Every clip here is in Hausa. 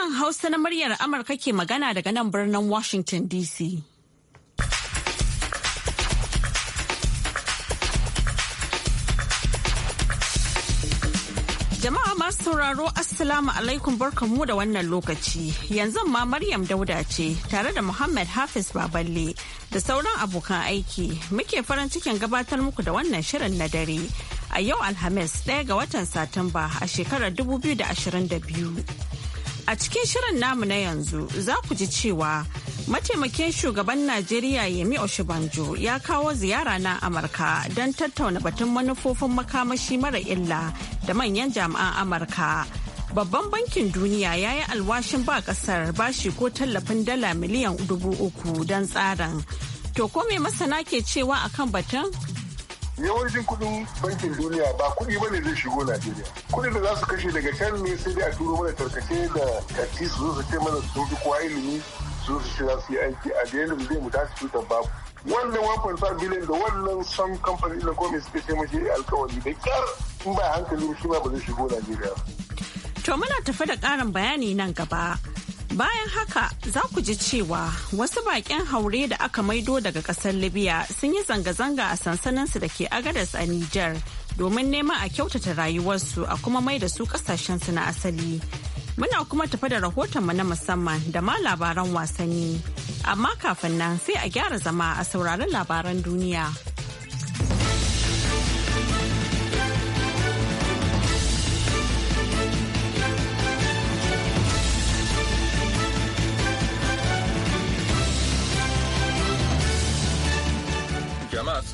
Sashen Hausa na muryar Amurka ke magana daga nan birnin Washington DC. Jama'a masu sauraro Assalamu alaikum barkanmu da wannan lokaci. Yanzu ma Maryam Dauda ce tare da Muhammad Hafiz Baballe da sauran abokan aiki muke farin cikin gabatar muku da wannan shirin na dare. A yau Alhamis ɗaya ga watan Satumba a shekarar 2022. A cikin shirin namu na yanzu za ku ji cewa mataimakin shugaban Najeriya Yemi Oshibanjo ya kawo ziyara na Amurka don tattauna batun manufofin makamashi mara illa da manyan jami'an Amurka. Babban bankin duniya ya yi alwashin ba kasar bashi ko tallafin dala miliyan dubu uku don tsarin. To ko me masana ke cewa akan batun? yawancin kuɗin bankin duniya ba kuɗi ba zai shigo najeriya kuɗin da za su kashe daga can ne sai dai a turo mana tarkace da kati su zo su ce mana su duk kowa ilimi su zo su ce za su yi aiki a da yanzu zai mu tashi tutar babu wannan 1.5 biliyan da wannan son kamfani da komai suke ce mashi alkawari da kyar in ba hankali shi ma ba zai shigo najeriya. to muna tafi da karin bayani nan gaba. Bayan haka za ku ji cewa wasu baƙin haure da aka maido daga ƙasar Libya sun yi zanga-zanga a sansaninsu da ke agadas a Nijar domin neman a kyautata rayuwarsu a kuma mai da su ƙasashensu na asali. Muna kuma tafi da rahotonmu na musamman da ma labaran wasanni. Amma kafin nan sai a gyara zama a sauraron labaran duniya.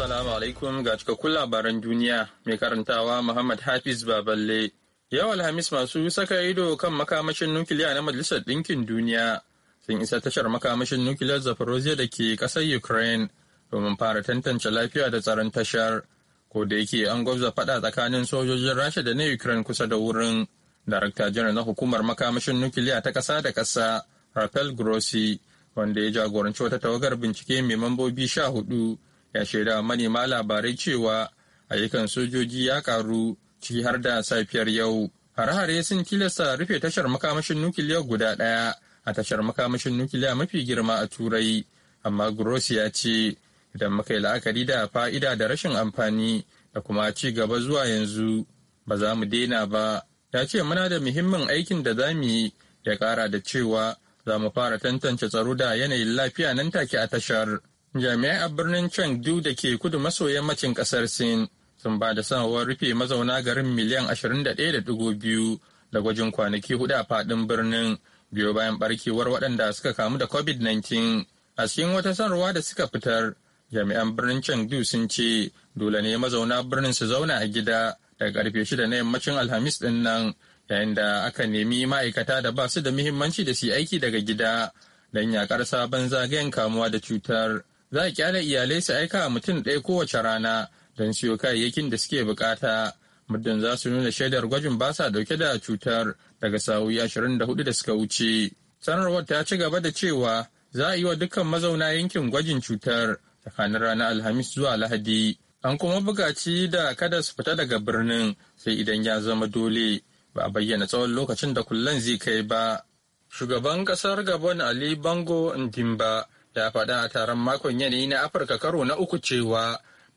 Assalamu alaikum ga cikakkun labaran duniya mai karantawa Muhammad Hafiz Baballe. Yau Alhamis masu saka ido kan makamashin nukiliya na Majalisar Ɗinkin Duniya sun isa tashar makamashin nukiliyar Zaporozhye da ke kasar Ukraine domin fara tantance lafiya da tsaron tashar. Ko da yake an gwabza faɗa tsakanin sojojin Rasha da na Ukraine kusa da wurin. Darakta janar na hukumar makamashin nukiliya ta ƙasa da kasa Rafael Grossi wanda ya jagoranci wata tawagar bincike mai mambobi sha hudu ya shaida manema labarai cewa ayyukan sojoji ya karu ciki har da safiyar yau. Hare-hare sun tilasta rufe tashar makamashin nukiliya guda ɗaya a tashar makamashin nukiliya mafi girma a Turai, amma Grossi ya ce idan muka yi la'akari da fa'ida da rashin amfani da kuma ci gaba zuwa yanzu ba za mu daina ba. Ya ce muna da muhimmin aikin da za mu yi ya ƙara da cewa za mu fara tantance tsaro da yanayin lafiya nan take a tashar. Jami'ai a birnin Chengdu da ke kudu maso yammacin kasar Sin sun ba da sanarwar rufe mazauna garin miliyan 21.2 da gwajin kwanaki hudu a fadin birnin biyo bayan barkewar waɗanda suka kamu da COVID-19. A cikin wata sanarwa da suka fitar, jami'an birnin Chengdu sun ce dole ne mazauna birnin su zauna a gida daga karfe shida na yammacin Alhamis ɗin nan yayin da aka nemi ma'aikata da ba su da muhimmanci da su aiki daga gida don yakar sabon zagayen kamuwa da cutar. za a kyale iyalai su aika a mutum ɗaya kowace rana don siyo kayayyakin da suke bukata muddin za su nuna shaidar gwajin ba sa dauke da cutar daga sa'o'i ashirin da hudu da suka wuce sanarwar ta ci gaba da cewa za a yi wa dukkan mazauna yankin gwajin cutar tsakanin ranar alhamis zuwa lahadi an kuma buƙaci da kada su fita daga birnin sai idan ya zama dole ba a bayyana tsawon lokacin da kullum zai kai ba shugaban kasar gabon ali bango ndimba ta faɗa a taron makon yanayi na Afirka karo na uku cewa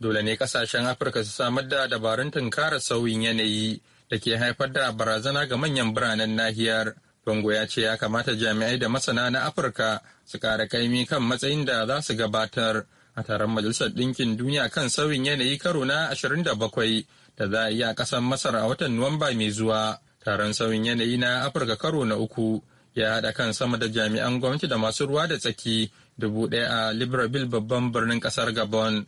dole ne kasashen Afirka su samar da dabarun tunkara sauyin yanayi da ke haifar da barazana ga manyan biranen nahiyar. bango ya ce ya kamata jami'ai da masana na Afirka su kara kaimi kan matsayin da za su gabatar a taron Majalisar Ɗinkin Duniya kan sauyin yanayi karo na 27 da za a iya a ƙasar Masar a watan Nuwamba mai zuwa. Taron sauyin yanayi na Afirka karo na uku ya haɗa kan sama da jami'an gwamnati da masu ruwa da tsaki dubu ɗaya a libreville babban birnin ƙasar gabon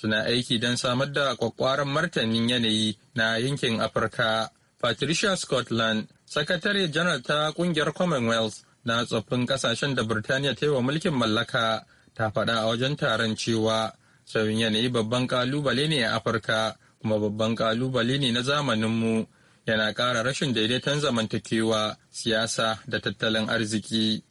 suna aiki don samar da kwakwaran martanin yanayi na yankin afirka patricia scotland sakatare janar ta kungiyar commonwealth na tsoffin kasashen da birtaniya ta yi wa mulkin mallaka ta faɗa a wajen taron cewa sauyin yanayi babban kalubale ne a afirka kuma babban kalubale ne na zamaninmu yana ƙara rashin daidaiton zamantakewa siyasa da tattalin arziki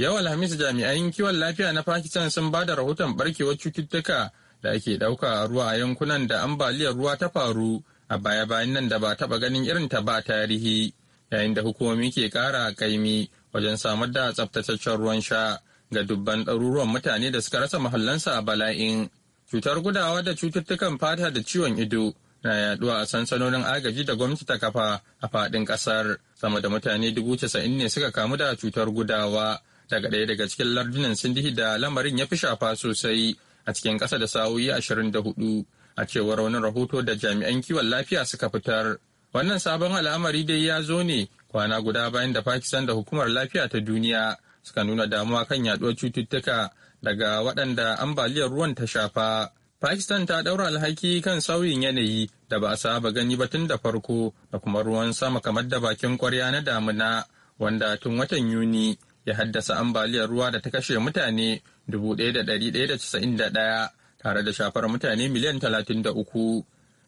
Yau Alhamis jami'an kiwon lafiya na Pakistan sun ba da rahoton barkewar cututtuka da ake ɗauka a ruwa a yankunan da ambaliyar ruwa ta faru a baya-bayan nan da ba taba ganin irin ta ba tarihi yayin da hukumomi ke ƙara kaimi wajen samar da tsaftataccen ruwan sha ga dubban ɗaruruwan mutane da suka rasa muhallansa a bala'in. Cutar gudawa da cututtukan fata da ciwon ido na yaduwa a sansanonin agaji da gwamnati ta kafa a faɗin ƙasar. Sama da mutane dubu casa'in ne suka kamu da cutar gudawa daga ɗaya daga cikin lardunan sindihi da lamarin ya fi shafa sosai a cikin ƙasa da sa'o'i ashirin da hudu a cewar wani rahoto da jami'an kiwon lafiya suka fitar wannan sabon al'amari dai ya zo ne kwana guda bayan da pakistan da hukumar lafiya ta duniya suka nuna damuwa kan yaduwar cututtuka daga waɗanda ambaliyar ruwan ta shafa pakistan ta ɗaura alhaki kan sauyin yanayi da ba a saba gani ba tun da farko da kuma ruwan sama kamar da bakin kwarya na damuna wanda tun watan yuni ya haddasa ambaliyar ruwa da ta kashe mutane 1,191 tare da shafar mutane miliyan 33.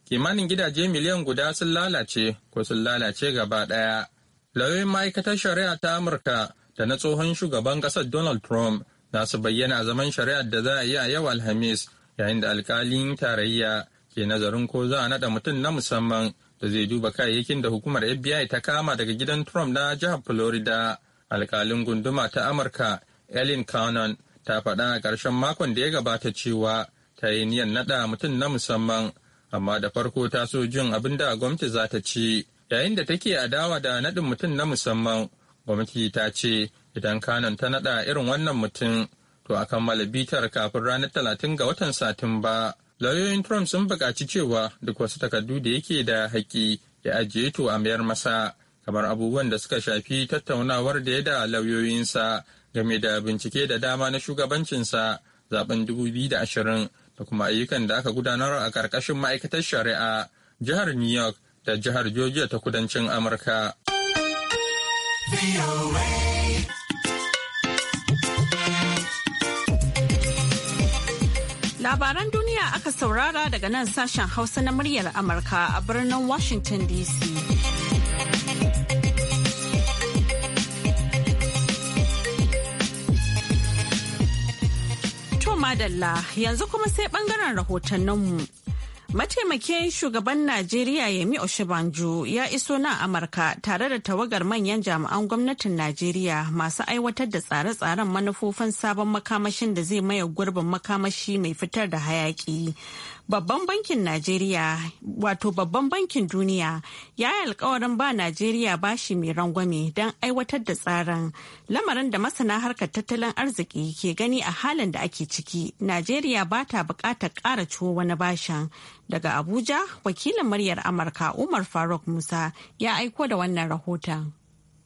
Kimanin gidaje miliyan guda sun lalace ko sun lalace gaba ɗaya. Lauyoyin ma'aikatar shari'a ta Amurka da na tsohon shugaban ƙasar Donald Trump za su bayyana azaman zaman shari'ar da za a yi a yau Alhamis yayin da alkalin tarayya ke nazarin ko za a naɗa mutum na musamman da zai duba kayayyakin da hukumar FBI ta kama daga gidan Trump na jihar Florida. alkalin gunduma ta amurka ellen cannon ta faɗa a ƙarshen makon da ya gabata cewa ta yi niyan naɗa mutum na musamman amma da farko ta so jin abin da gwamnati za ta ci yayin da take adawa da naɗin mutum na musamman gwamnati ta ce idan kanon ta naɗa irin wannan mutum to a kammala bitar kafin ranar talatin ga watan satin ba lauyoyin trump sun buƙaci cewa duk wasu takardu da yake da haƙƙi ya ajiye to a mayar masa kamar abubuwan da suka shafi tattaunawar da ya da lauyoyinsa game da bincike da dama na shugabancinsa zaben 2020 da kuma ayyukan da aka gudanar a ƙarƙashin ma'aikatar shari'a jihar new york da jihar georgia ta kudancin amurka labaran duniya aka saurara daga nan sashen hausa na muryar amurka a birnin washington dc madalla yanzu kuma sai bangaren rahotanninmu. Mataimakin shugaban Najeriya Yemi Oshibanju ya iso nan Amurka tare da tawagar manyan jami'an gwamnatin Najeriya masu aiwatar da tsare-tsaren manufofin sabon makamashin da zai maye gurbin makamashi mai fitar da hayaki. babban bankin Najeriya wato babban bankin duniya ya yi alkawarin ba Najeriya bashi mai rangwame don aiwatar da tsarin lamarin da masana harkar tattalin arziki ke gani a halin da ake ciki Najeriya ba ta bukatar ƙara ciwo wani bashin daga Abuja wakilin muryar Amurka Umar Faruk Musa ya aiko da wannan rahoton.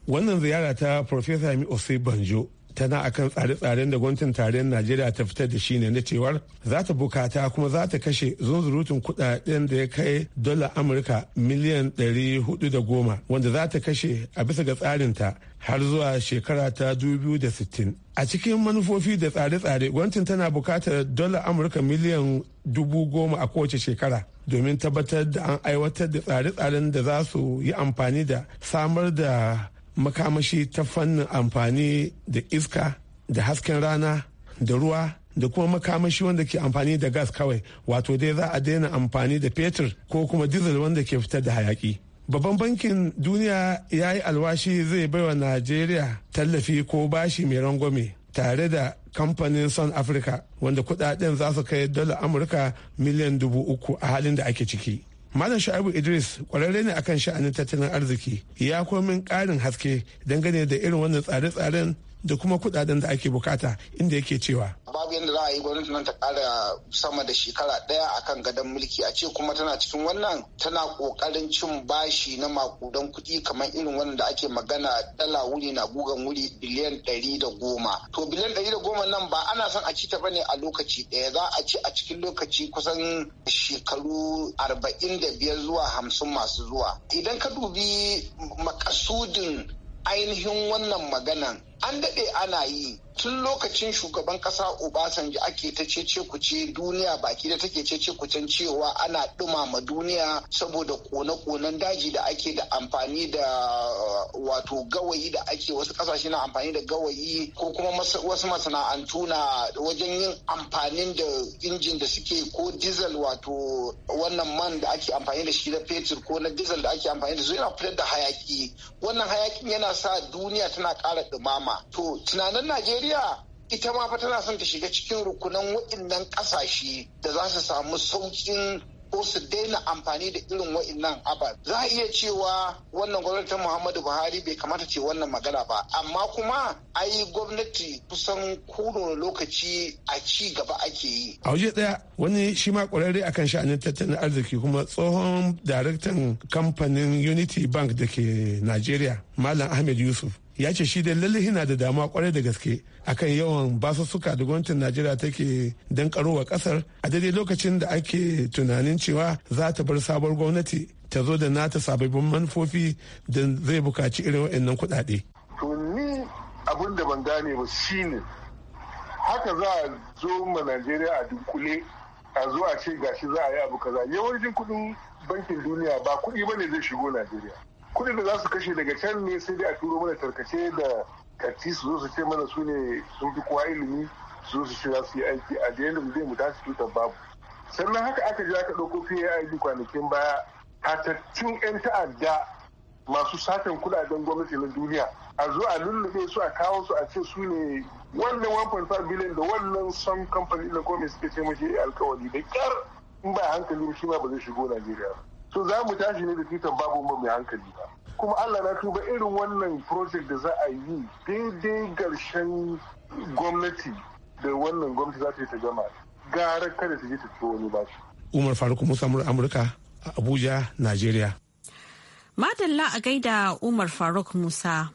Wannan ziyara ta Profesa Mi Banjo tana akan tsare-tsaren da gwamnatin tarayyar najeriya ta fitar da shi ne na cewar za ta bukata kuma za ta kashe zunzurutun kudaden da ya kai dola amurka miliyan 410 wanda za ta kashe a bisa ga tsarin ta har zuwa shekara ta 2060 a cikin manufofi da tsare-tsare gwamnatin tana bukatar dola amurka miliyan dubu a kowace shekara domin tabbatar da an aiwatar da tsare-tsaren da za su yi amfani da samar da makamashi ta fannin amfani da iska da hasken rana da ruwa da kuma makamashi wanda ke amfani da gas kawai wato dai za a daina amfani da fetur ko kuma dizal wanda ke fitar da hayaki babban bankin duniya ya yi alwashi zai baiwa najeriya tallafi ko bashi mai rangwame tare da kamfanin sun africa wanda kudaden za su kai dala amurka miliyan dubu uku a halin da ake ciki Malam Sha'abu Idris kwararre ne akan sha'anin tattalin arziki ya komin karin haske dangane da irin wannan tsare-tsaren da kuma kudaden da ake bukata inda yake cewa babu yadda za a yi gwamnati nan ta kara sama da shekara daya kan gadon mulki a ce kuma tana cikin wannan tana kokarin cin bashi na makudan kuɗi kamar irin wannan da ake magana dala wuri na gugan wuri biliyan ɗari da goma to biliyan ɗari da goma nan ba ana son a ci ta bane a lokaci ɗaya za a ci a cikin lokaci kusan shekaru arba'in da biyar zuwa hamsin masu zuwa idan ka dubi makasudin ainihin wannan maganan an daɗe ana yi tun lokacin shugaban kasa obasanjo ake ta cece kuce duniya baki da take cece kucen cewa ana dumama duniya saboda kone-konen daji da ake da amfani da wato gawayi da ake wasu kasashe na amfani da gawayi ko kuma wasu masana'antu na wajen yin amfanin da injin da suke ko diesel wato wannan man da ake amfani da shi na fetur ko na diesel da ake amfani da su yana fitar da hayaki wannan hayakin yana sa duniya tana kara dumama to tunanin najeriya Najeriya ita ma fa tana son ta shiga cikin rukunan waɗannan ƙasashe da za su samu sauƙin ko su daina amfani da irin wa'innan abar. Za a iya cewa wannan gwamnatin Muhammadu Buhari bai kamata ce wannan magana ba, amma kuma ai gwamnati kusan kuno lokaci a ci gaba ake yi. A waje ɗaya wani shi ma ƙwararre akan sha'anin tattalin arziki kuma tsohon daraktan kamfanin Unity Bank da ke Najeriya, Malam Ahmed Yusuf. ya ce shi dai lalle yana da dama kwarai da gaske a kan yawan basussuka da gwamnatin najeriya take dan karowa kasar a daidai lokacin da ake tunanin cewa za ta bar sabuwar gwamnati ta zo da nata sababbin manufofi da zai bukaci irin wa'annan kuɗaɗe. to ni abin da ban gane ba shine haka za a zo ma najeriya a dunkule a zo a ce gashi za a yi abu kaza yawancin kuɗin bankin duniya ba kuɗi ba ne zai shigo najeriya kuɗin da za su kashe daga can ne sai dai a turo mana tarkace da kati su zo su ce mana su ne sun fi kowa ilimi su zo su ce za su yi aiki a da yadda mu mu tashi tutar babu sannan haka aka je aka ɗauko PAID kwanakin baya hatattun 'yan ta'adda masu satan kudaden gwamnati na duniya a zo a lullube su a kawo su a ce su ne wannan 1.5 billion da wannan son kamfani na gwamnati suka ce mashi alkawari da kyar in ba hankali shi ma ba zai shigo najeriya ba To za mu tashi ne da titan babu mu mai hankali ba kuma allah na tuba irin wannan project da za a yi daidai garshen gwamnati da wannan gwamnati za ta yi ta gama gara kada ta je ta ciwo wani bashi umar faruk musa amurka a abuja nigeria madalla a gaida umar faruk musa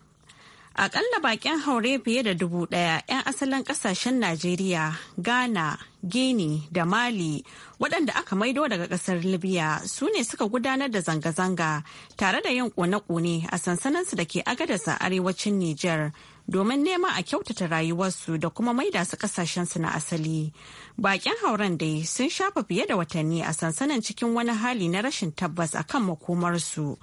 Akalla bakin haure fiye da dubu ɗaya 'yan asalin ƙasashen Najeriya, Ghana, Guinea da Mali waɗanda aka maido daga ƙasar Libya su ne suka gudanar da zanga-zanga tare da yin ƙone-ƙone a sansaninsu da ke agadasa arewacin Niger domin nema a kyautata rayuwarsu da kuma maida su su na asali. Bakin hauren dai sun shafa fiye da watanni a sansanin cikin wani hali na rashin tabbas akan makomarsu.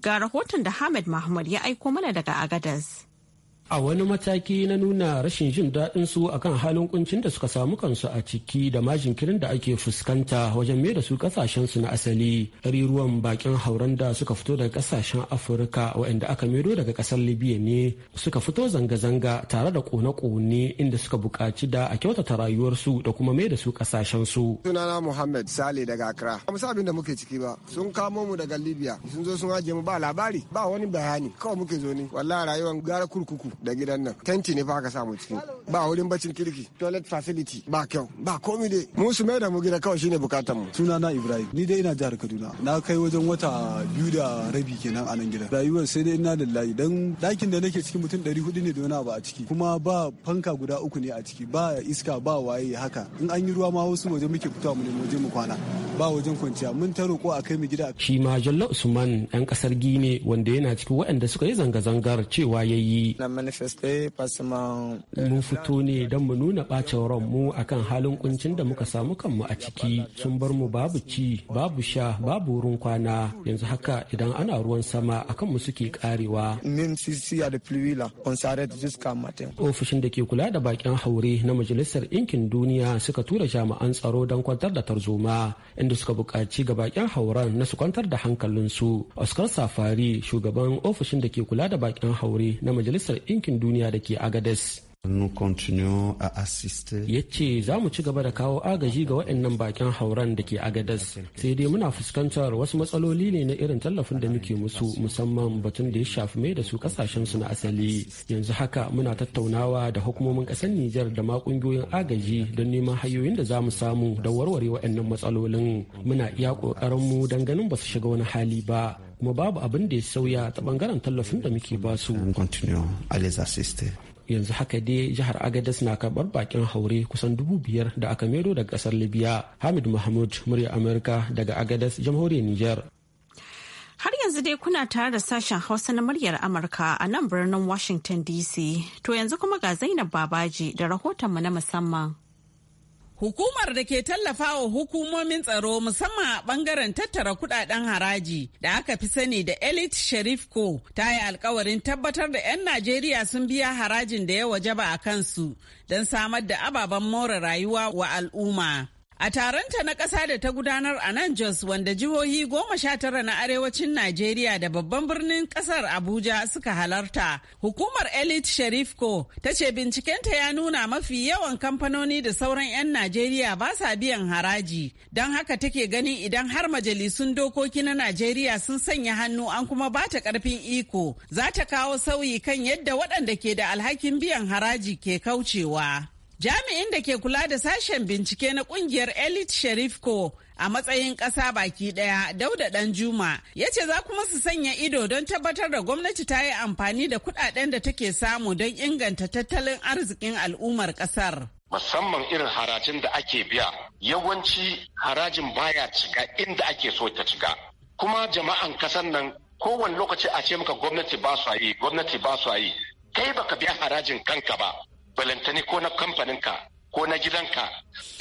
Ga rahoton da Hamid Mahmud ya aiko mana daga Agadas. a wani mataki na nuna rashin jin daɗin su akan halin kuncin da suka samu kansu a ciki da majinkirin da ake fuskanta wajen mai da su kasashen su na asali ruwan bakin hauren da suka fito daga kasashen afirka waɗanda aka mero daga kasar libya ne suka fito zanga-zanga tare da kone-kone inda suka bukaci da a kyautata rayuwarsu da kuma mai da su kasashen su sunana muhammad sale daga accra ba abin da muke ciki ba sun kamo mu daga libya sun zo sun ajiye mu ba labari ba wani bayani kawai muke zo ne wallahi rayuwar gara kurkuku da gidan nan tenti ne fa ka samu ciki ba wurin bacin kirki toilet facility ba kyau ba komi dai mu su mai da mu gida kawai shine bukatar mu suna na ibrahim ni dai ina jihar kaduna na kai wajen wata biyu da rabi kenan a nan gida rayuwar sai dai ina lillahi dan dakin da nake ciki, mutum 400 ne da wani abu a ciki kuma ba fanka guda uku ne a ciki ba iska ba waye haka in an yi ruwa ma wasu waje muke fitowa mu ne waje mu kwana ba wajen kwanciya mun ta roƙo a kai mu gida shi ma jalla usman dan kasar gine wanda yana ciki waɗanda suka yi zanga-zangar cewa yayi Mun fito ne don mu nuna ɓacin mu akan halin kuncin da muka samu kanmu a ciki sun bar mu babu ci, babu sha, babu wurin kwana yanzu haka idan ana ruwan sama akan mu suke karewa. Ofishin da ke kula da bakin haure na Majalisar Inkin Duniya suka tura jami'an tsaro don kwantar da tarzoma inda suka buƙaci ga bakin hauren na su kwantar da hankalinsu. Oscar Safari shugaban ofishin da ke kula da bakin haure na Majalisar Ɗinkin ɗinkin duniya da ke agades Ya ce za mu ci gaba da kawo agaji ga waɗannan bakin hauran da ke Agadas. Sai dai muna fuskantar wasu matsaloli ne na irin tallafin da muke musu musamman batun da ya shafi mai da su su na asali. Yanzu haka muna tattaunawa da hukumomin ƙasar Nijar da ma ƙungiyoyin agaji don neman hanyoyin da za mu samu da warware waɗannan matsalolin. Muna iya mu don ganin ba su shiga wani hali ba. kuma babu abin da ya sauya ta bangaren tallafin da muke ba su. yanzu haka dai jihar agadas na karbar bakin haure kusan dubu biyar da aka mero daga kasar libya hamid mahmud murya amurka daga agadas jamhuriyar niger Har yanzu dai kuna tare da sashen Hausa na muryar Amurka a nan birnin Washington DC. To yanzu kuma ga Zainab Babaji da rahotonmu na musamman. Hukumar da ke tallafa wa hukumomin tsaro musamman a bangaren tattara kudaden haraji da aka fi sani da Elite Sharif Co ta yi alkawarin tabbatar da 'yan Najeriya sun biya harajin da ya wajaba a kansu don samar da ababen more rayuwa wa al'umma. A taronta na ƙasa da ta gudanar a nan Jos wanda jihohi goma sha tara na arewacin Najeriya da babban birnin ƙasar Abuja suka halarta, hukumar Elite Sharifco ta ce bincikenta ya nuna mafi yawan kamfanoni da sauran 'yan Najeriya ba sa biyan haraji. Don haka take ganin idan har majalisun dokoki na Najeriya sun sanya hannu an kuma ba ta ƙarfin iko, za ta kawo sauyi kan yadda waɗanda ke da alhakin biyan haraji ke kaucewa. Jami'in da ke kula da sashen bincike na kungiyar Elite Sharif Ko a matsayin ƙasa baki ɗaya dauda Ɗanjuma juma ya ce za kuma su sanya ido don tabbatar da gwamnati ta yi amfani da kuɗaɗen da take samu don inganta tattalin arzikin al'ummar ƙasar. musamman irin harajin da ake biya yawanci harajin baya cika inda ake so ta cika kuma jama'an kasan nan kowane lokaci a ce maka gwamnati ba su yi gwamnati ba su yi kai baka biya harajin kanka ba balantane ko na kamfaninka ko na gidanka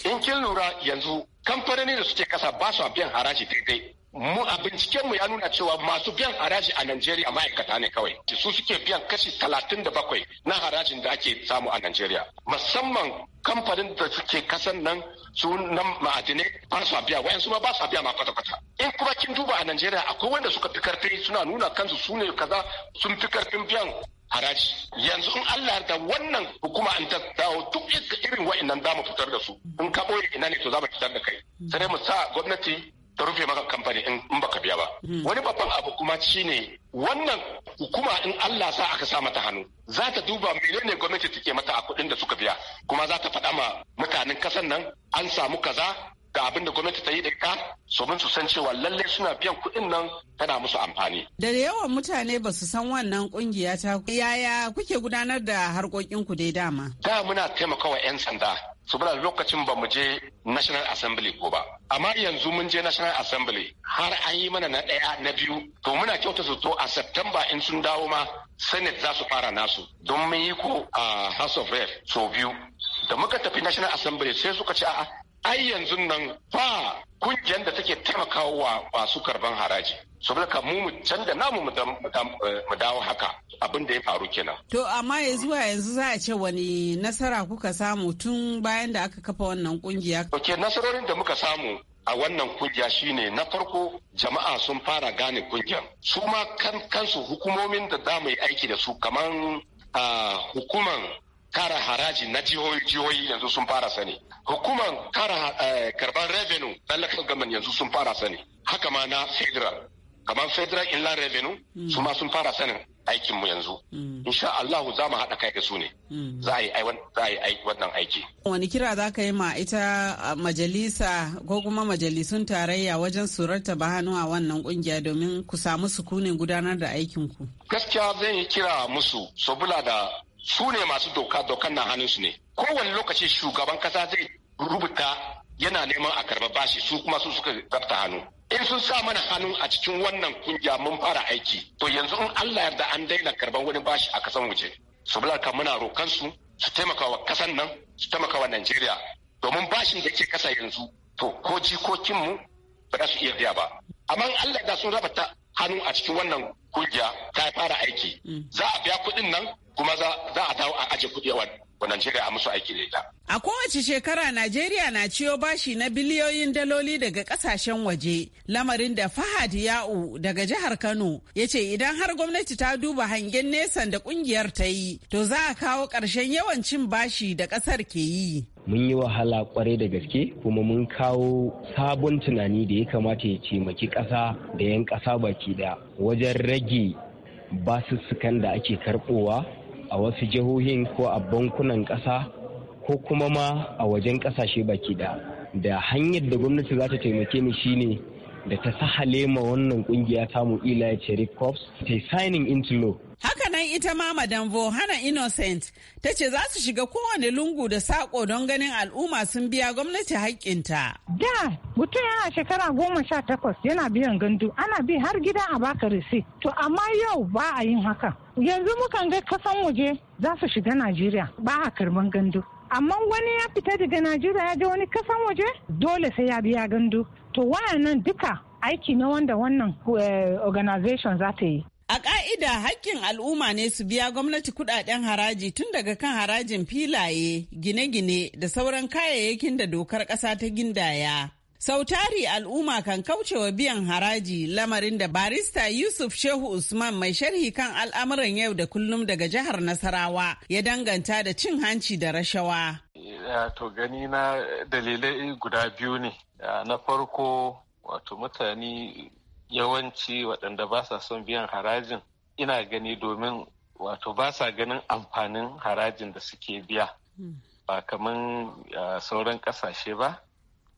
in kin lura yanzu kamfanoni da suke kasa ba su biyan haraji daidai mu a bincikenmu ya nuna cewa masu biyan haraji a Najeriya ma'aikata ne kawai su suke biyan kashi talatin da bakwai na harajin da ake samu a Najeriya musamman kamfanin da suke kasan nan su na ma'adinai ba su biya wayansu ma ba su biya ma kwata-kwata in kuma kin duba a Najeriya akwai wanda suka fi karfi suna nuna kansu su ne kaza sun fi karfin biyan haraji yanzu in Allah da wannan hukuma an ta dawo duk irin wa'annan za mu fitar da su in ka boye ina ne to za mu fitar da kai sai mu sa gwamnati ta rufe maka kamfani in baka biya ba hmm. wani babban abu kuma shine wannan hukuma in Allah sa aka sa mata hannu za ta duba ne gwamnati take mata a kuɗin da suka biya kuma za ta faɗa ma mutanen kasan nan an samu kaza Ga abin da gwamnati ta yi da ka domin su san cewa lalle suna biyan kuɗin nan tana musu amfani. Da yawan mutane ba su san wannan kungiya ta yaya kuke gudanar da harkokin ku dai dama. Da muna taimakawa 'yan sanda su bada lokacin ba mu je National Assembly ko ba. Amma yanzu mun je National Assembly har an yi mana na ɗaya na biyu to muna kyauta su to a September in sun dawo ma Senate za su fara nasu don mun yi ko a House of Rep so biyu. Da muka tafi National Assembly sai suka ce a'a ai yanzu nan ba kungiyar da take taimakawa wa masu karban haraji saboda ka mu canza namu eh, mu dawo haka abin da ya faru kenan. To amma ya zuwa yanzu za a ce wani nasara kuka samu tun bayan da aka kafa wannan kungiya. Ok nasarorin da muka samu a wannan kungiya shine na farko jama'a sun fara gane kungiyar su ma kan kansu hukumomin da za mu yi aiki da su kamar ah, hukuman kara haraji na jihohi yanzu sun fara sani hukumar kara eh, karban revenue na local yanzu sun fara sani haka ma na federal kamar federal inland revenue mm. su ma sun fara sanin aikinmu yanzu mm. insha Allah za mu haɗa kai da su ne mm. za a yi wannan aiki wani kira za ka yi ma ita majalisa ko kuma majalisun tarayya wajen surarta hannu a wannan kungiya domin ku samu sukunin gudanar da aikinku gaskiya zan yi kira musu sabula da su ne masu doka dokan na su ne kowane lokaci shugaban kasa zai rubuta yana neman a karba bashi su kuma su suka zarta hannu in sun sa mana hannu a cikin wannan kungiya mun fara aiki to yanzu in Allah yarda an daina karban wani bashi a kasan waje su kan muna rokan su su taimaka wa kasan nan su taimaka wa Najeriya domin bashin da ke kasa yanzu to ko jikokin mu ba su iya biya ba amma Allah da sun rabata hannu a cikin wannan kungiya ta fara aiki mm. za a biya kuɗin nan kuma za a dawo a aje kuɗi wa Najeriya a musu aiki da ita. A kowace shekara Najeriya na ciyo bashi na biliyoyin daloli daga kasashen waje, lamarin da Fahad Ya'u daga jihar Kano ya ce idan har gwamnati ta duba hangen nesan da kungiyar ta yi, to za a kawo ƙarshen yawan cin bashi da ƙasar ke yi. mun yi wahala kwarai da gaske kuma mun kawo sabon tunani da ya kamata ya taimaki ƙasa da 'yan ƙasa baki ɗaya wajen rage basussukan da ake karɓowa. a wasu jihohin ko a bankunan ƙasa ko kuma ma a wajen ƙasashe baki da hanyar da gwamnati za ta taimake ni shine da ta saha lema wannan kungiya tamu Eli ce Corps ta signing into law. Hakanan ita ma Madam Vohana Innocent ta ce za su shiga kowane lungu da sako don ganin al'umma sun biya gwamnati haƙƙinta. Da mutum yana shekara goma sha takwas yana biyan gandu ana bi har gida a baka risi. To amma yau ba a yin haka. Yanzu mukan ga kasan waje za su shiga Najeriya ba a karban gandu. amma wani ya fita daga najeriya ya je wani kasan waje dole sai ya biya gandu to wayannan duka aiki na wanda wannan eh, organization za ta yi A ƙa'ida hakkin al'umma ne su biya gwamnati kudaden haraji tun daga kan harajin filaye, gine-gine da sauran kayayyakin da dokar ƙasa ta gindaya. Sautari al'umma kan kaucewa biyan haraji lamarin da barista Yusuf Shehu Usman mai sharhi kan al'amuran yau da kullum daga jihar Nasarawa ya danganta da cin hanci da rashawa. Eh, to gani na dalilai guda biyu ne Ah, na farko wato mutane yawanci waɗanda ba sa son biyan harajin ina gani domin wato ba sa ganin amfanin harajin da suke biya hmm. ba kamar ah, sauran ƙasashe ba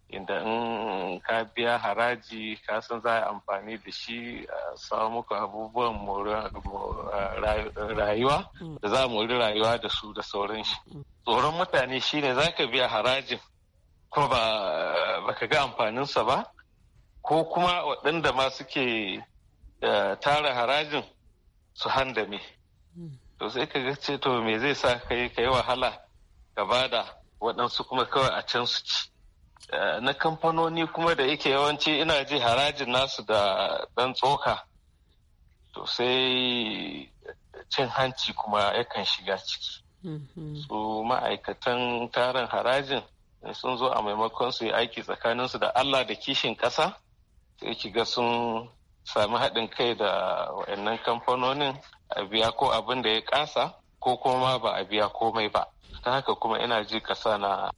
inda in ka biya haraji ka san za a amfani da shi a samu abubuwan ah, rayuwa hmm. da za a mori rayuwa da su da sauran shi hmm. tsoron mutane shine za ka biya harajin kuma ba ka ga amfaninsa ba ko kuma waɗanda ma suke eh, tara harajin su handame to sai ka ga ce to me zai sa ka yi wahala ka da waɗansu kuma kawai a can su ci eh, na kamfanoni kuma da yake yawanci ina ji harajin nasu da ɗan tsoka to sai cin hanci kuma yakan shiga ciki mm-hmm. su ma'aikatan tarin harajin sun zo a maimakon su yi aiki su da Allah da kishin ƙasa sai ki ga sun sami haɗin kai da wa'annan kamfanonin a biya ko abin da ya ƙasa ko kuma ba a biya komai ba. ta haka kuma ina ji kasa na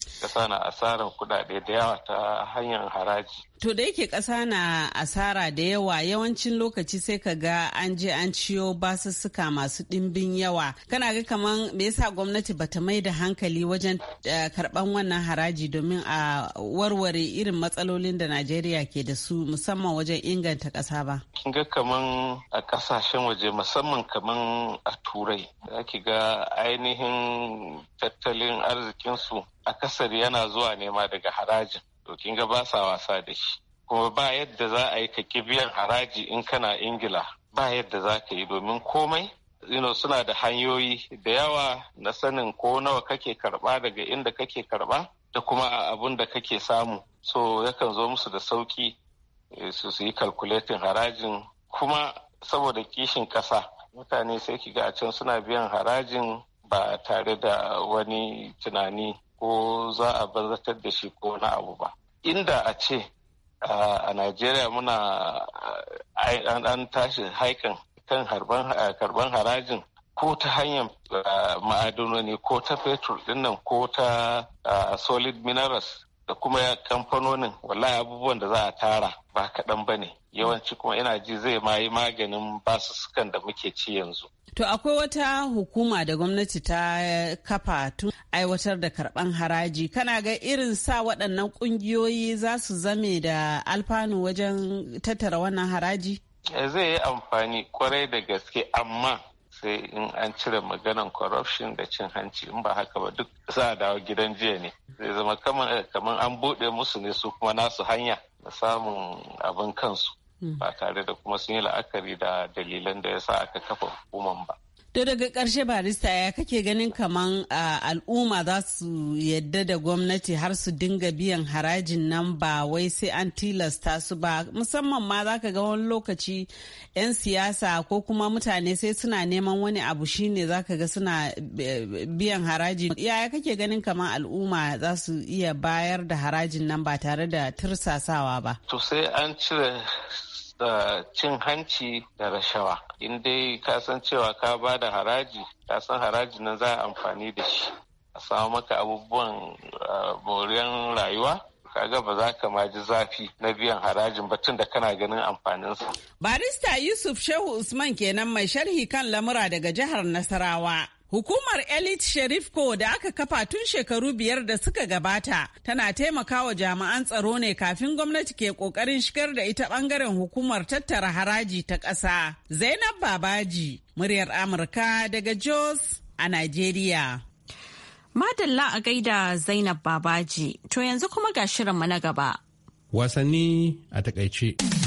asarar kudade da yawa ta hanyar haraji to da yake kasa na asara da yawa yawancin lokaci sai ka ga an je an ciyo basussuka masu ɗimbin yawa kana ga kaman me yasa gwamnati bata mai da hankali wajen eh, karban wannan haraji domin a warware irin matsalolin da najeriya ke da su musamman wajen inganta ƙasa ba kin ga kaman a ƙasashen waje musamman kaman a turai Za ki ga ainihin tattalin arzikinsu akasari yana zuwa nema daga harajin to kin ga ba sa wasa da shi kuma ba yadda za a yi ka biyan haraji in kana ingila ba yadda za ka yi domin komai Zino suna da hanyoyi da yawa na sanin ko nawa kake karba daga inda kake karba da kuma abun da kake samu so yakan zo musu da sauki eh, su yi kalkuletin harajin kuma saboda kishin kasa mutane sai ki ga a can suna biyan harajin ba tare da wani tunani ko za a bazatar da shi ko wani abu ba inda a ce a najeriya muna an tashi haikan kan karban harajin ko ta hanyar ma'adinoni ko ta fetur dinnan ko ta solid minerals da kuma kamfanonin wallahi abubuwan da za a tara ba kaɗan ba ne yawanci kuma ina ji zai ma yi maganin basussukan da muke ci yanzu To akwai wata hukuma da gwamnati ta kafa tun aiwatar da karban haraji kana ga irin sa waɗannan ƙungiyoyi za su zame da alfanu wajen tattara wannan haraji? Eh, zai yi amfani kwarai da gaske amma sai in an cire maganan corruption da cin hanci in ba haka ba duk za a dawo gidan jiya ne zai zama kamar an buɗe musu ne su kuma nasu hanya da samun abin kansu ba tare da kuma sun yi la'akari da dalilan da ya sa aka kafa hukuman ba. To daga ƙarshe barista ya kake ganin kaman al'umma za su yadda da gwamnati har su dinga biyan harajin nan ba wai sai an tilasta su ba musamman ma za ka ga wani lokaci 'yan siyasa ko kuma mutane sai suna neman wani abu shine za ka ga suna eh, biyan haraji. Yaya kake ganin kaman al'umma za su iya bayar da harajin nan ba tare da tirsasawa ba? To sai an cire da eh, cin hanci da rashawa in dai ka san cewa ka ba da haraji ka san haraji nan za a amfani da shi a samu maka abubuwan eh, moriyan rayuwa kaga ba za ka maji zafi na biyan harajin batun da kana ganin amfaninsa. Barista Yusuf Shehu Usman kenan mai sharhi kan lamura daga jihar Nasarawa. Hukumar Elite Ko da aka kafa tun shekaru biyar da suka gabata tana taimakawa jami'an tsaro ne kafin gwamnati ke kokarin shigar da ita bangaren hukumar tattara haraji ta ƙasa. Zainab Babaji, muryar Amurka daga Jos a Najeriya. Madalla a gaida Zainab Babaji, to yanzu kuma ga shirinmu na gaba. Wasanni a takaice.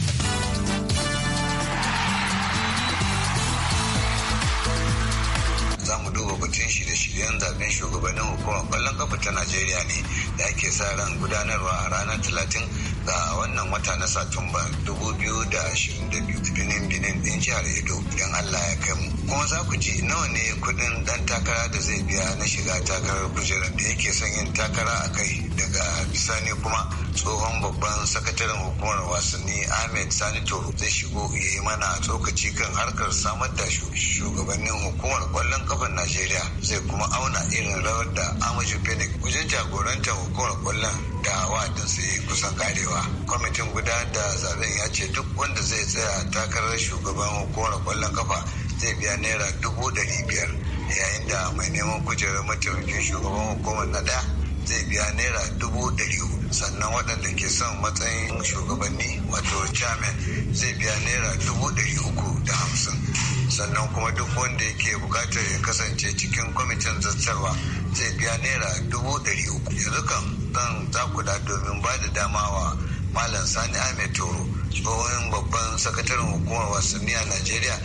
shugabannin hukumar kwallon kafa ta najeriya ne da ake sa ran gudanarwa a ranar talatin da wannan wata na satumba 2022 binin binin din jihar edo idan allah ya kai mu kuma za ku ji nawa ne kudin dan takara da zai biya na shiga takarar kujerar da yake son yin takara a kai daga bisani kuma tsohon babban sakataren hukumar wasanni ahmed sani toro zai shigo ya yi mana tsokaci kan harkar samar da shugabannin hukumar kwallon kafar najeriya zai kuma auna irin rawar da amaju phoenix wajen jagorantar hukumar kwallon da wa'adinsa ya kusan karewa ba kwamitin guda da zaben ya ce duk wanda zai tsaya takarar shugaban hukumar kwallon kafa zai biya naira dubu dari biyar yayin da mai neman kujerar mataimakin shugaban hukumar na ɗaya zai biya naira dubu dari sannan waɗanda ke son matsayin shugabanni wato chairman zai biya naira dubu dari uku da hamsin sannan kuma duk wanda yake buƙatar ya kasance cikin kwamitin zartarwa zai biya naira dubu dari uku yanzu kan zan zakuda domin ba da dama wa malam sani ahmed toro tsohon babban sakataren hukumar wasanni a najeriya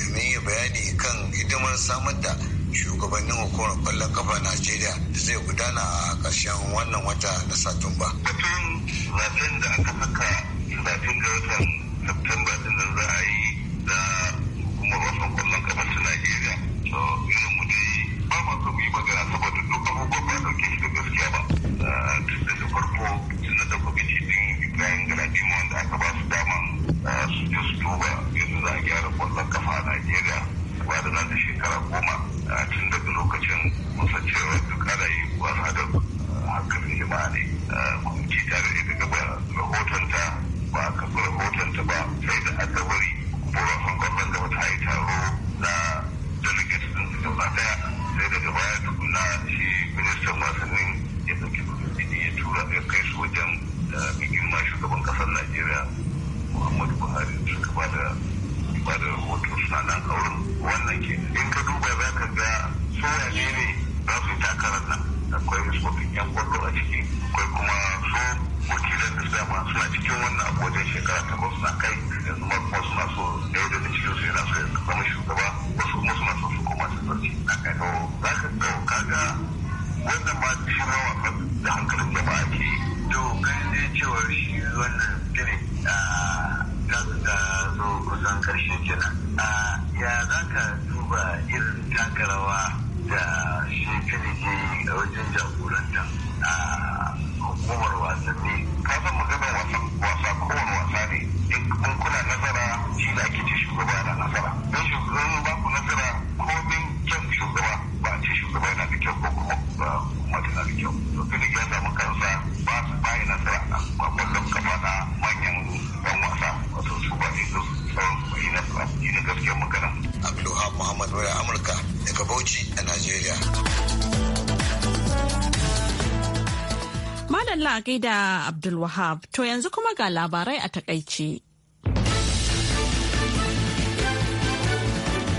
domin yi bayani kan hidimar samar da shugabannin hukumar kwallon kafa najeriya da zai gudana a ƙarshen wannan wata na satumba. kafin zaben da aka saka zafin ga watan september din nan za a yi da hukumar wasan kwallon kafa ta najeriya to irin mu dai ba ma so mu yi magana saboda duk abubuwan ba dauke shi da gaskiya ba ga wanda ba shi ma wasan da hankalin ba ne to ganin dai cewar shi wannan gini ah, gaida Abdulwahab. To yanzu kuma ga labarai a takaice.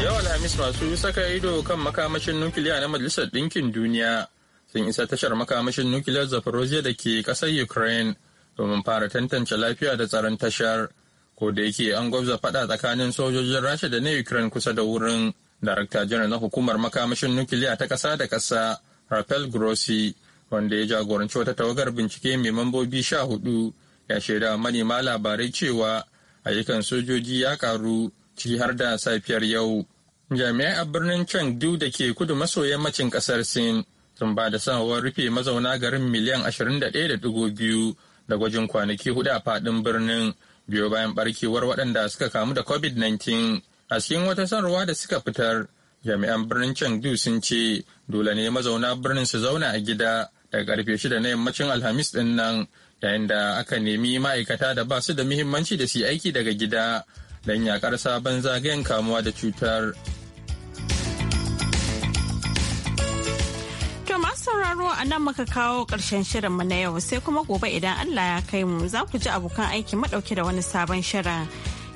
Yau Alhamis masu saka ido kan makamashin nukiliya na Majalisar Ɗinkin Duniya sun isa tashar makamashin nukiliyar Zaporozhye da ke ƙasar Ukraine domin fara tantance lafiya da tsaron tashar. Ko da yake an gwabza faɗa tsakanin sojojin Rasha da na Ukraine kusa da wurin. Darakta janar na hukumar makamashin nukiliya ta ƙasa da ƙasa Rafael Grossi wanda ya jagoranci wata tawagar bincike mai mambobi sha hudu ya shaida manema labarai cewa ayyukan sojoji ya karu ciki har da safiyar yau jami'ai a birnin chengdu da ke kudu maso yammacin kasar sin sun ba da sanarwar rufe mazauna garin miliyan 21.2 da biyu da gwajin kwanaki hudu a faɗin birnin biyo bayan barkewar waɗanda suka kamu da covid-19 a cikin wata sanarwa da suka fitar jami'an birnin chengdu sun ce dole ne mazauna birnin su zauna a gida daga karfe shida na yammacin alhamis din nan yayin da aka nemi ma'aikata da ba su da muhimmanci da su aiki daga gida don yakar sabon zagayen kamuwa da cutar. masu sauraro a nan muka kawo ƙarshen mu na yau sai kuma gobe idan Allah ya kai mu za ku ji abokan aiki madauke da wani sabon shirin.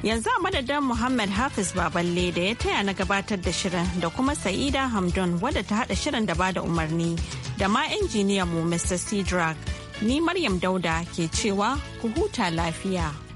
Yanzu a madadin Muhammad Hafiz Baballe da ya taya na gabatar da shirin da kuma Sa'ida Hamdun wadda ta haɗa shirin da ba da umarni da ma injiniyan mu Mr. drag Ni Maryam Dauda ke cewa ku huta lafiya.